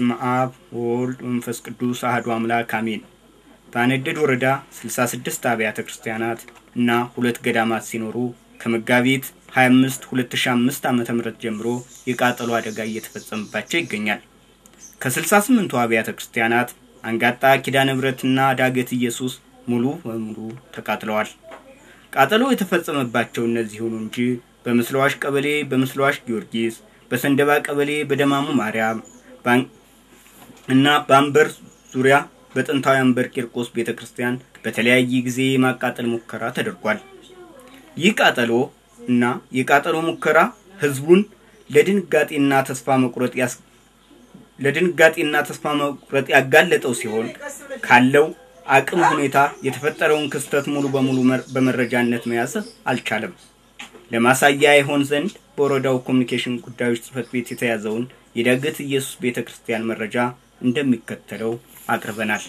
ስመ አብ ወወልድ መንፈስ ቅዱስ አህዱ አምላክ አሜን። በአነደድ ወረዳ 66 አብያተ ክርስቲያናት እና ሁለት ገዳማት ሲኖሩ ከመጋቢት 25 2005 ዓ.ም ጀምሮ የቃጠሎ አደጋ እየተፈጸመባቸው ይገኛል። ከ68ቱ አብያተ ክርስቲያናት አንጋጣ ኪዳነ ምሕረትና ዳገት ኢየሱስ ሙሉ በሙሉ ተቃጥለዋል። ቃጠሎ የተፈጸመባቸው እነዚህ ሆኑ እንጂ በምስለዋሽ ቀበሌ በምስለዋሽ ጊዮርጊስ፣ በሰንደባ ቀበሌ በደማሙ ማርያም እና በአንበር ዙሪያ በጥንታዊ አንበር ቂርቆስ ቤተ ክርስቲያን በተለያየ ጊዜ የማቃጠል ሙከራ ተደርጓል። ይህ ቃጠሎ እና የቃጠሎ ሙከራ ህዝቡን ለድንጋጤና ተስፋ መቁረጥ ለድንጋጤና ተስፋ መቁረጥ ያጋለጠው ሲሆን ካለው አቅም ሁኔታ የተፈጠረውን ክስተት ሙሉ በሙሉ በመረጃነት መያዝ አልቻለም። ለማሳያ ይሆን ዘንድ በወረዳው ኮሚኒኬሽን ጉዳዮች ጽህፈት ቤት የተያዘውን የዳገት ኢየሱስ ቤተ ክርስቲያን መረጃ እንደሚከተለው አቅርበናል።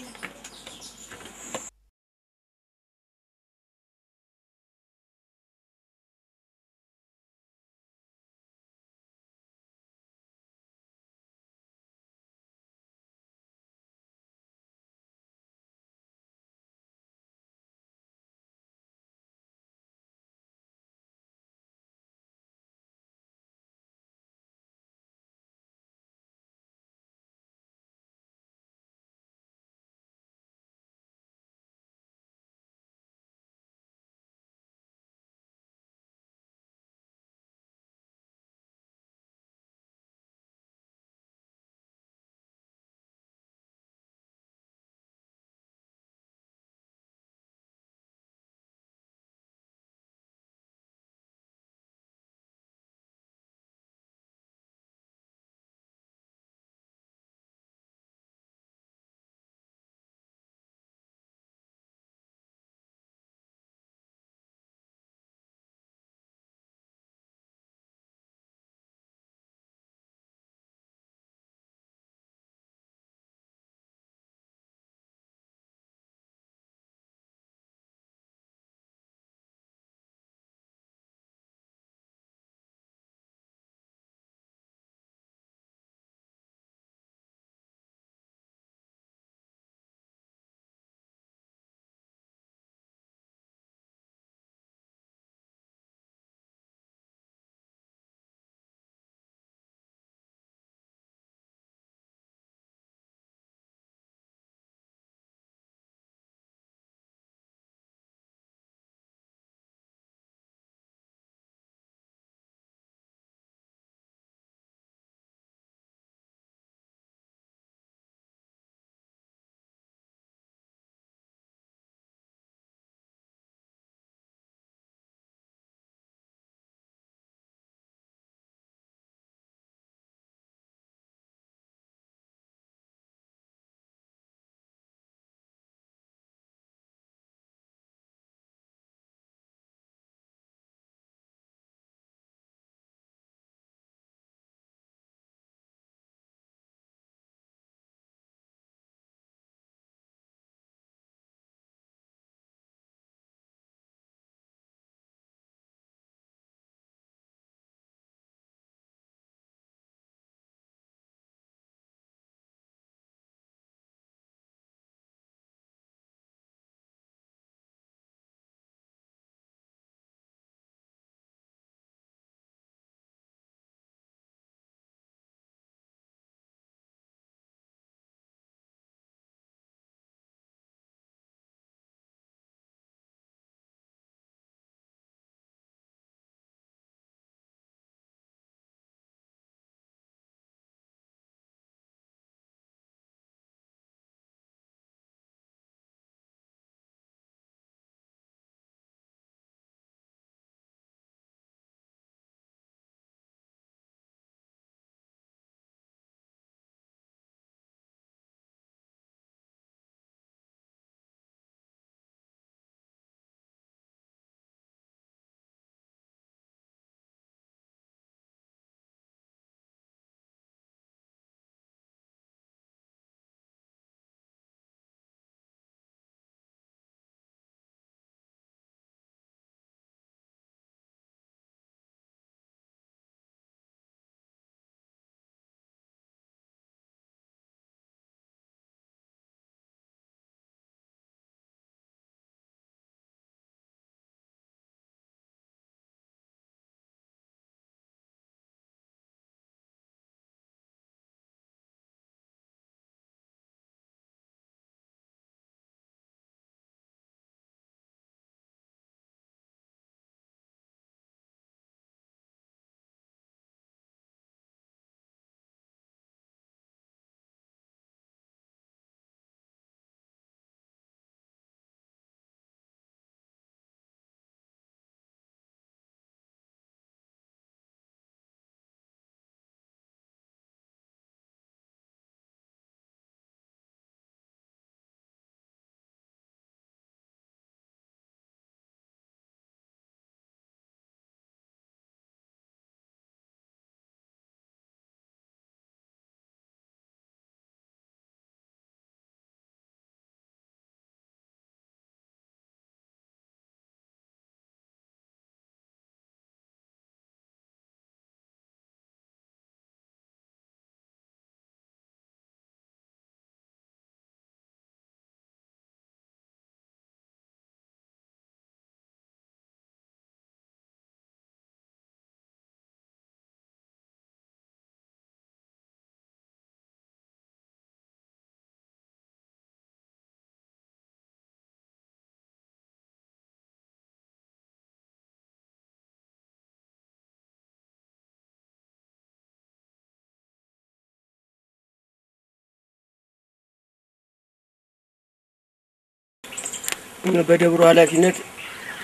በደብሩ ኃላፊነት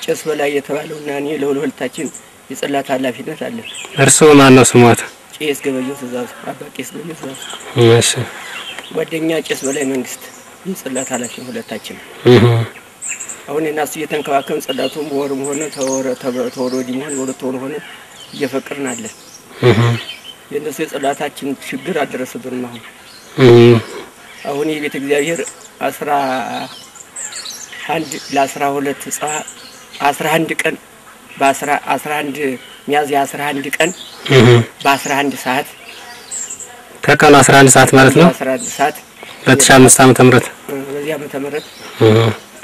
ጭስ በላይ የተባለውና እና እኔ ለሁለታችን የጽላት ኃላፊነት አለን። እርስዎ ማን ነው ስሞት? ቄስ ገበየሁ ትእዛዙ፣ አባ ቄስ ገበየሁ ትእዛዙ። እሺ። ጓደኛ ቄስ በላይ መንግስት የጽላት ኃላፊ ሁለታችን። አሁን እናሱ እየተንከባከብን ጽላቱን በወርም ሆነ ተወረ ተወሮ ዲሞን ወደ ተወሮ ሆነ እየፈቅርን አለን። የእነሱ የጽላታችን ችግር አልደረሰብንም። አሁን አሁን የቤተ እግዚአብሔር አስራ አንድ ለአስራ ሁለት አስራ አንድ ቀን በአስራ አንድ ሚያዝያ አስራ አንድ ቀን በአስራ አንድ ሰዓት ከቀኑ አስራ አንድ ሰዓት ማለት ነው። አስራ አንድ ሰዓት ሁለት አምስት ዓመተ ምህረት በዚህ ዓመተ ምህረት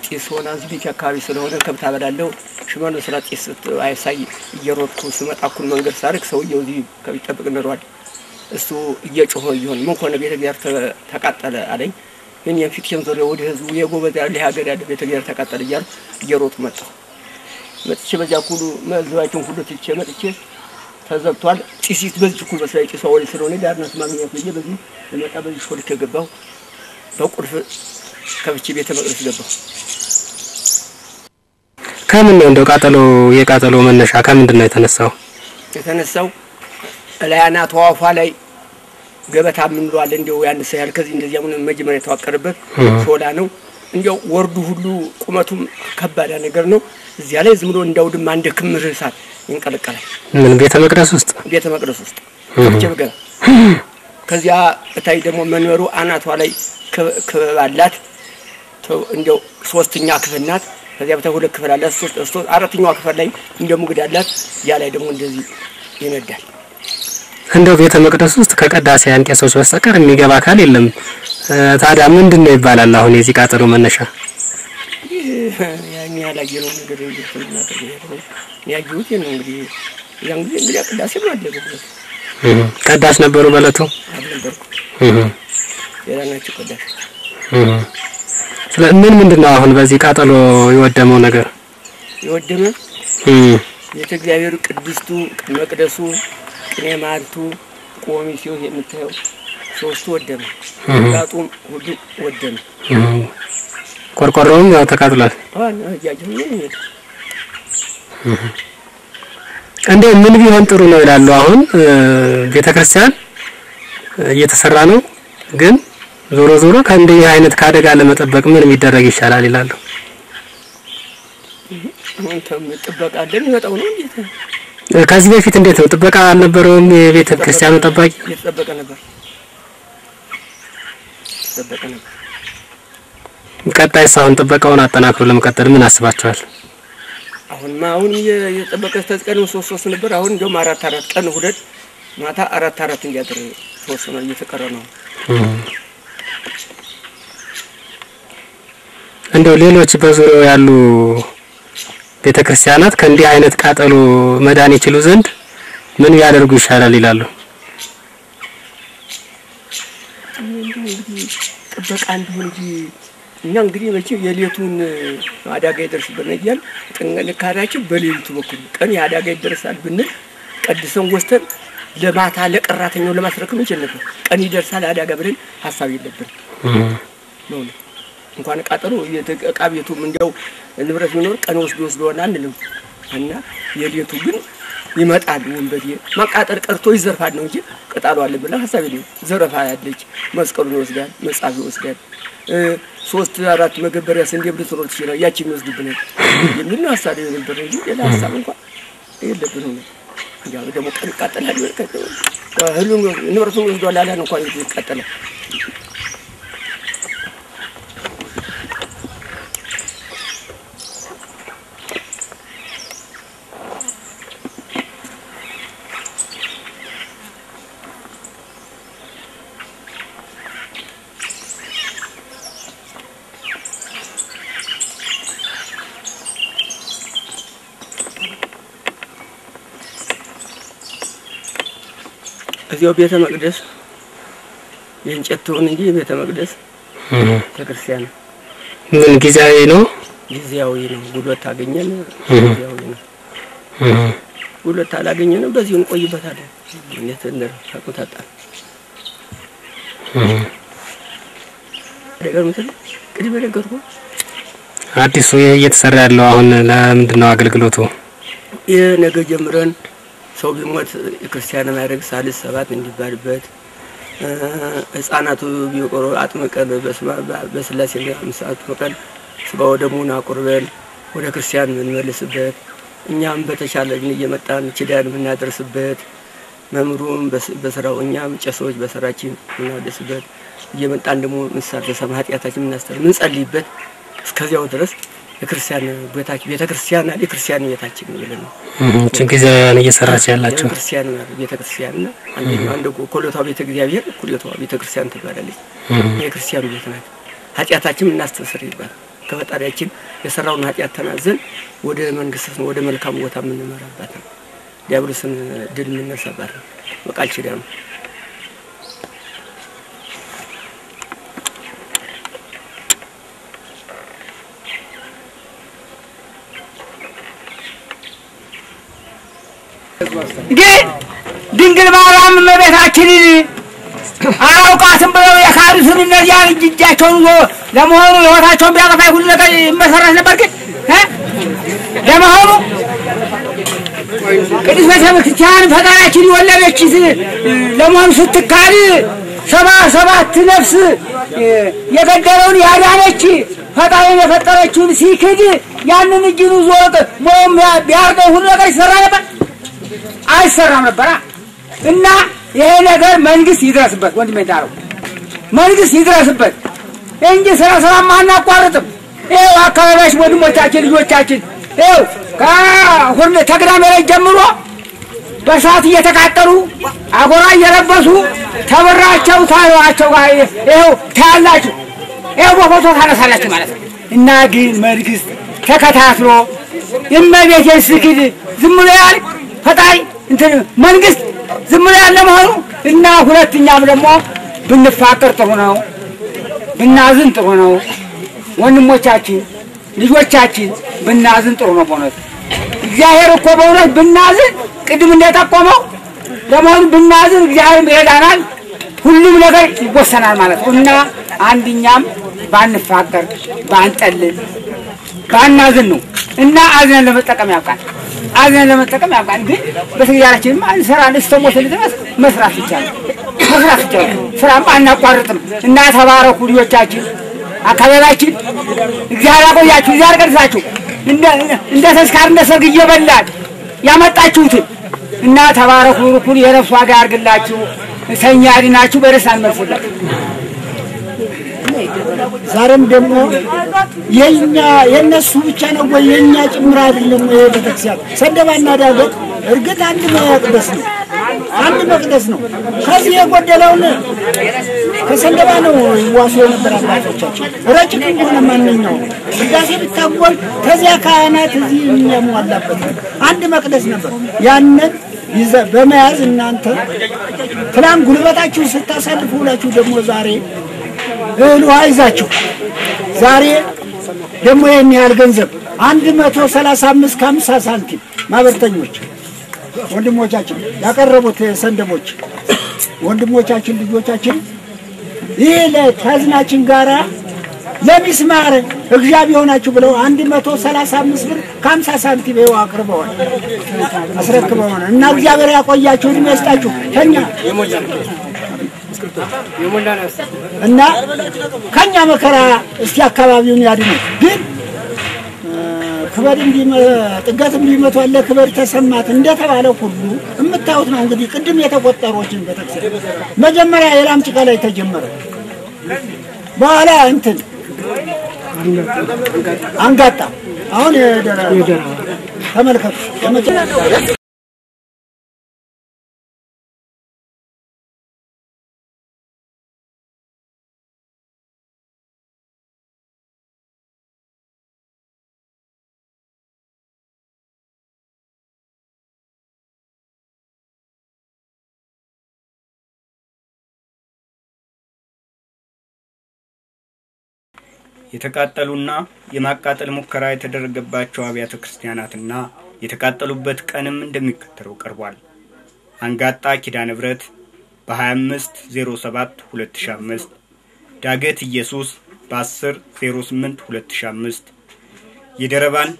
ጢስ ሆና አካባቢ ስለሆነ ከብት አበላለሁ። ሽመልስ ስራ ጢስ አይሳይ እየሮጥኩ ስመጣ እኩል መንገድ ሳርቅ ሰውየው እዚህ ከሚጠብቅ ኖሯል። እሱ እየጮኸ ይሆን ምን ከሆነ ቤተ እግዚአብሔር ተቃጠለ አለኝ። እኔም ፊቴን ዞሬ ወደ ህዝቡ የጎበዝ ያለ ሀገር ያለ ቤተ እግዚአብሔር ተቃጠለ እያሉ እየሮጡ መጣሁ። መጥቼ በዚያ ሁሉ መዝባችን ሁሉ ትቼ መጥቼ ተዘግቷል። ጢሲት በዚህ ኩል በስራ ጭሷ ወደ ስለሆነ ዳርነት ማግኘት ብዬ በዚህ ለመጣ በዚህ ሾልክ ገባሁ። በቁልፍ ከብቼ ቤተ መቅደስ ገባሁ። ከምን ነው እንደው ቃጠሎ የቃጠሎ መነሻ ከምንድን ነው የተነሳው? የተነሳው ላይ አናቷ ላይ ገበታ ምንለዋለ እንዲያው ያን ሰያል ከዚህ እንደዚያ ምን መጀመሪያ የተዋቀረበት ሾላ ነው። እንዲያው ወርዱ ሁሉ ቁመቱም ከባድ ነገር ነው። እዚያ ላይ ዝም ብሎ እንዳውድማ እንደ ክምር እሳት ይንቀለቀላል። ምን ቤተ መቅደስ ውስጥ ቤተ መቅደስ ውስጥ ገ ከዚያ እታይ ደግሞ መንበሩ አናቷ ላይ ክበብ አላት። እንዲያው ሶስተኛ ክፍል ናት። ከዚያ በታ ሁለት ክፍል አላት። አራተኛዋ ክፍል ላይ እንደ ሙግድ አላት። ያ ላይ ደግሞ እንደዚህ ይነዳል። እንደው ቤተ መቅደስ ውስጥ ከቀዳሴያን ቄሶች በስተቀር የሚገባ አካል የለም። ታዲያ ምንድን ነው ይባላል? አሁን የዚህ ቃጠሎ መነሻ ያን ነው። እንግዲህ ያን ቀዳሽ ነበሩ ማለት ነው። ምን ምንድን ነው አሁን በዚህ ቃጠሎ የወደመው ነገር የወደመ ቤተ እግዚአብሔር ቅድስቱ መቅደሱ ፍሬም አንዱ ቆሚ የምታየው ሶስቱ ወደመ፣ ጋጡም ሁሉ ወደመ። ቆርቆሮውም ያው ተቃጥሏል። ምን ቢሆን ጥሩ ነው ይላሉ። አሁን ቤተ ክርስቲያን እየተሰራ ነው፣ ግን ዞሮ ዞሮ ከእንደዚህ አይነት ከአደጋ ለመጠበቅ ምን የሚደረግ ይሻላል ይላሉ። አሁን ጥበቃ እንደሚመጣው ነው ከዚህ በፊት እንዴት ነው? ጥበቃ አልነበረውም? የቤተ ክርስቲያኑ ጠባቂ ይጠበቀ ነበር። ቀጣይ ሳሁን ጥበቃውን አጠናክሮ ለመቀጠል ምን አስባችኋል? አሁንማ አሁን የጠበቀ ተጥቀን ሶስት ሶስት ነበር። አሁን እንደውም አራት አራት ቀን ሁለት ማታ አራት አራት እንዲያደር ሶስት ነው እየተቀረ ነው። እንደው ሌሎች በዙሪያው ያሉ ቤተ ክርስቲያናት ከእንዲህ አይነት ቃጠሎ መዳን ይችሉ ዘንድ ምን ያደርጉ ይሻላል ይላሉ? ጥበቃ እንዲሁ እንጂ እኛ እንግዲህ መቼም የሌቱን አደጋ ይደርስብን እያል ጥንካሬያችን በሌሊቱ በኩል ቀን የአደጋ ይደርሳል ብንል ቀድሰን ወስተን ለማታ ለቀራተኛው ለማስረከም እንችል ነበር። ቀን ይደርሳል አደጋ ብለን ሀሳብ የለብን ነው እንኳን ቃጠሎ እቃ ቤቱም እንዲያው ንብረት ቢኖር ቀን ወስዶ ወስዶና አንልም እና የቤቱ ግን ይመጣል ወንበዴ ማቃጠር ቀርቶ ይዘርፋል ነው እንጂ ቅጣሉ አለ ብለህ ሀሳብ የለም። ዘረፋ ያለች መስቀሉን ይወስዳል፣ መጽሐፍ ይወስዳል፣ ሶስት አራት መገበሪያ ስንዴ ብልትኖር ትችላል ያችን ይወስድብናል የሚል ነው ሀሳብ የነበረ እንጂ ሌላ ሀሳብ እንኳን የለብን ሆነ ደግሞ ቀን ይቃጠላል ንብረቱን ወስዷል አላን እንኳን ይቃጠላል እዚያው ቤተ መቅደስ የእንጨት ትሁን እንጂ ቤተ መቅደስ ቤተክርስቲያን ምን ጊዜያዊ ነው፣ ጊዜያዊ ነው። ጉልበት ታገኘን፣ ጊዜያዊ ነው። ጉልበት አላገኘንም፣ በዚሁ እንቆይበታለን። እንዴት እንደ ታቆታጣል ነገር ምትል ቅድም ነገርኩ። አዲሱ እየተሰራ ያለው አሁን ለምንድን ነው አገልግሎቱ? ይህ ነገ ጀምረን ሰው ቢሞት ክርስቲያን ማድረግ ሳልስ ሰባት እንዲባልበት ህፃናቱ ቢቆሮ አጥምቀን በስላሴ አምሳቱ መቀን ስጋው ደሙን አቁርበን ወደ ክርስቲያን የምንመልስበት እኛም በተቻለን እየመጣን ኪዳን የምናደርስበት መምሩም በስራው እኛም ጨሶች በስራችን የምናወደስበት እየመጣን ደግሞ ምሳሌ ተሰማ ኃጢአታችን የምናስተር ምንጸልይበት እስከዚያው ድረስ የክርስቲያን ቤታችን ቤተክርስቲያን አለ። የክርስቲያን ቤታችን ይልን ነው እቺን ጊዜያን እየሰራች ያላችሁ ክርስቲያን ማለት ቤተክርስቲያን ነው። አንደኛው አንደ ኮሎታው ቤተ እግዚአብሔር ኮሎቷ ቤተክርስቲያን ትባላለች። የክርስቲያን ቤት ናት። ኃጢአታችን እናስተስር ይባል ከፈጣሪያችን የሰራውን ኃጢአት ተናዘን ወደ መንግስት ወደ መልካም ቦታ የምንመራባት ነው። ዲያብሎስን ድል የምንነሳባት ነው። በቃል ኪዳኑ ግን ድንግል ማርያም እመቤታችንን አላውቃትም ብለው የካዱትን እነዚያን እጅ እጃቸውን ይዞ ለመሆኑ ህይወታቸውን ቢያጠፋ ሁሉ ነገር ይመሰረት ነበር። ግን ለመሆኑ ቅዱስ ቤተ ክርስቲያን ፈጣሪያችን የወለደች ለመሆኑ ስትካድ ሰባ ሰባት ነፍስ የገደለውን ያዳነች ፈጣሪን የፈጠረችውን ሲክድ ያንን እጅን ዞቅ ሞም ቢያርገው ሁሉ ነገር ይሰራ ነበር። አይሰራም ነበራ እና ይሄ ነገር መንግስት ይድረስበት። ወንድሜ ዳረው መንግስት ይድረስበት እንጂ ስራ ስራማ አናቋርጥም። ይኸው አካባቢያችን ወንድሞቻችን፣ ልጆቻችን ይኸው ከሁር ተግዳሜ ላይ ጀምሮ በሰዓት እየተቃጠሉ አጎራ እየለበሱ ተብራቸው ታዩዋቸው ይኸው ታያላችሁ፣ ይኸው በፎቶ ታነሳላችሁ ማለት ነው እና ግን መንግስት ተከታትሎ እመቤቴን ስክድ ዝም ብሎ ያህል እንትን መንግስት ዝም ብሎ ያለ መሆኑ እና ሁለተኛም ደግሞ ብንፋቀር ጥሩ ነው፣ ብናዝን ጥሩ ነው። ወንድሞቻችን ልጆቻችን ብናዝን ጥሩ ነው። በእውነት እግዚአብሔር እኮ በእውነት ብናዝን ቅድም እንደጠቆመው ለመሆኑ ብናዝን እግዚአብሔር ይረዳናል። ሁሉም ነገር ይወሰናል ማለት ነው እና አንድኛም ባንፋቀር፣ ባንጠልን፣ ባናዝን ነው እና አዝነን ለመጠቀም ያብቃል። አዝነን ለመጠቀም ያብቃል። ግን በተግዳራችን እንሰራን እስተሞት ድረስ መስራት ይቻላል። መስራት ይቻላል። ስራም አናቋርጥም እና ተባረኩ ልጆቻችን፣ አካባቢያችን እግዚአብሔር ያቆያችሁ፣ እግዚአብሔር ገርዛችሁ እንደ ተስካር እንደ ሰርግ እየበላን ያመጣችሁትን እና ተባረኩ ሩኩን የነፍስ ዋጋ ያርግላችሁ። ሰኛ ድናችሁ በደስታ እንመልሱላችሁ። ዛሬም ደግሞ የኛ የነሱ ብቻ ነው ወይ የኛ ጭምር አይደለም ወይ? ቤተክርስቲያን ሰደባና ዳገት እርግጥ አንድ መቅደስ ነው፣ አንድ መቅደስ ነው። ከዚህ የጎደለውን ከሰንደባ ነው ይዋሱ የነበር አባቶቻችን። ረጭቅ እንደሆነ ማንኛው ቅዳሴ ብታጎል ከዚያ ካህናት እዚህ የሚያሟላበት አንድ መቅደስ ነበር። ያንን ይዘ በመያዝ እናንተ ትናንት ጉልበታችሁን ስታሳልፉ ሁላችሁ ደግሞ ዛሬ እህል ውሃ ይዛችሁ ዛሬ ደግሞ ይህን ያህል ገንዘብ አንድ መቶ ሰላሳ አምስት ከሀምሳ ሳንቲም ማበርተኞች ወንድሞቻችን ያቀረቡት ሰንደቦች ወንድሞቻችን ልጆቻችን ይህ ከህዝናችን ጋራ ለሚስማር እግዚአብሔር ይሆናችሁ ብለው አንድ መቶ ሰላሳ አምስት ብር ከሀምሳ ሳንቲም ይኸው አቅርበዋል እና እግዚአብሔር ያቆያችሁ እድሜ ይስጣችሁ ተኛ እና ከኛ መከራ እስኪ አካባቢውን ያድኑ። ግን ክበድ ጥገት እንዲመቱ አለ ክበድ ተሰማት እንደተባለ ሁሉ የምታዩት ነው እንግዲህ ቅድም የተቆጠሮችን ቤተክርስቲያን መጀመሪያ የላም ጭቃ ላይ ተጀመረ። በኋላ እንትን አንጋጣ አሁን ተመልከቱ። የተቃጠሉና የማቃጠል ሙከራ የተደረገባቸው አብያተ ክርስቲያናትና የተቃጠሉበት ቀንም እንደሚከተለው ቀርቧል። አንጋጣ ኪዳነ ብረት በ2507 2005፣ ዳገት ኢየሱስ በ1008 2005፣ የደረባን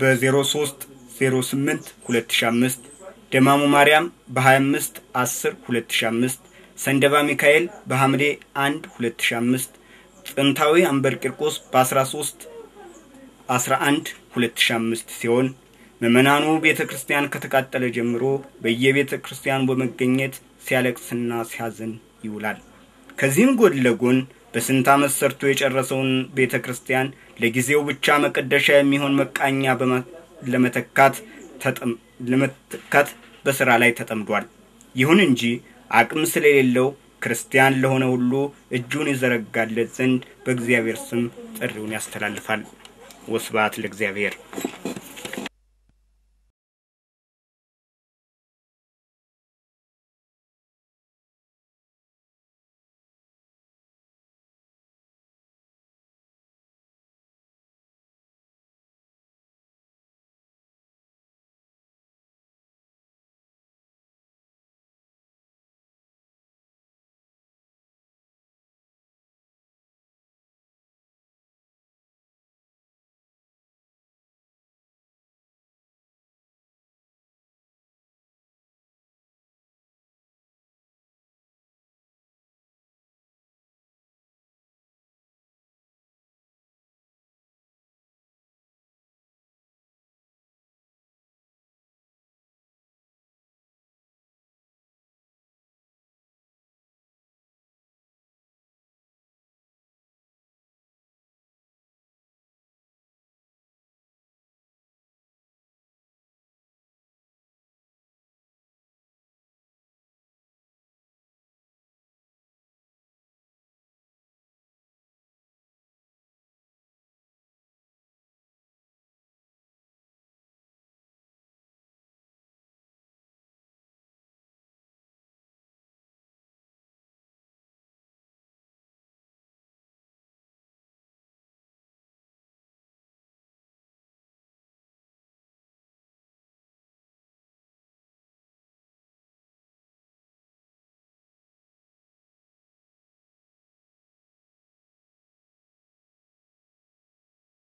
በ03 08 2005 ደማሙ ማርያም በ25 10 2005 ሰንደባ ሚካኤል በሐምሌ 1 2005 ጥንታዊ አንበር ቂርቆስ በ13 11 2005 ሲሆን ምዕመናኑ ቤተ ክርስቲያን ከተቃጠለ ጀምሮ በየቤተ ክርስቲያኑ በመገኘት ሲያለቅስና ሲያዝን ይውላል። ከዚህም ጎን ለጎን በስንት ዓመት ሰርቶ የጨረሰውን ቤተ ክርስቲያን ለጊዜው ብቻ መቀደሻ የሚሆን መቃኛ ለመተካት በስራ ላይ ተጠምዷል። ይሁን እንጂ አቅም ስለሌለው ክርስቲያን ለሆነ ሁሉ እጁን ይዘረጋለት ዘንድ በእግዚአብሔር ስም ጥሪውን ያስተላልፋል። ወስብሐት ለእግዚአብሔር።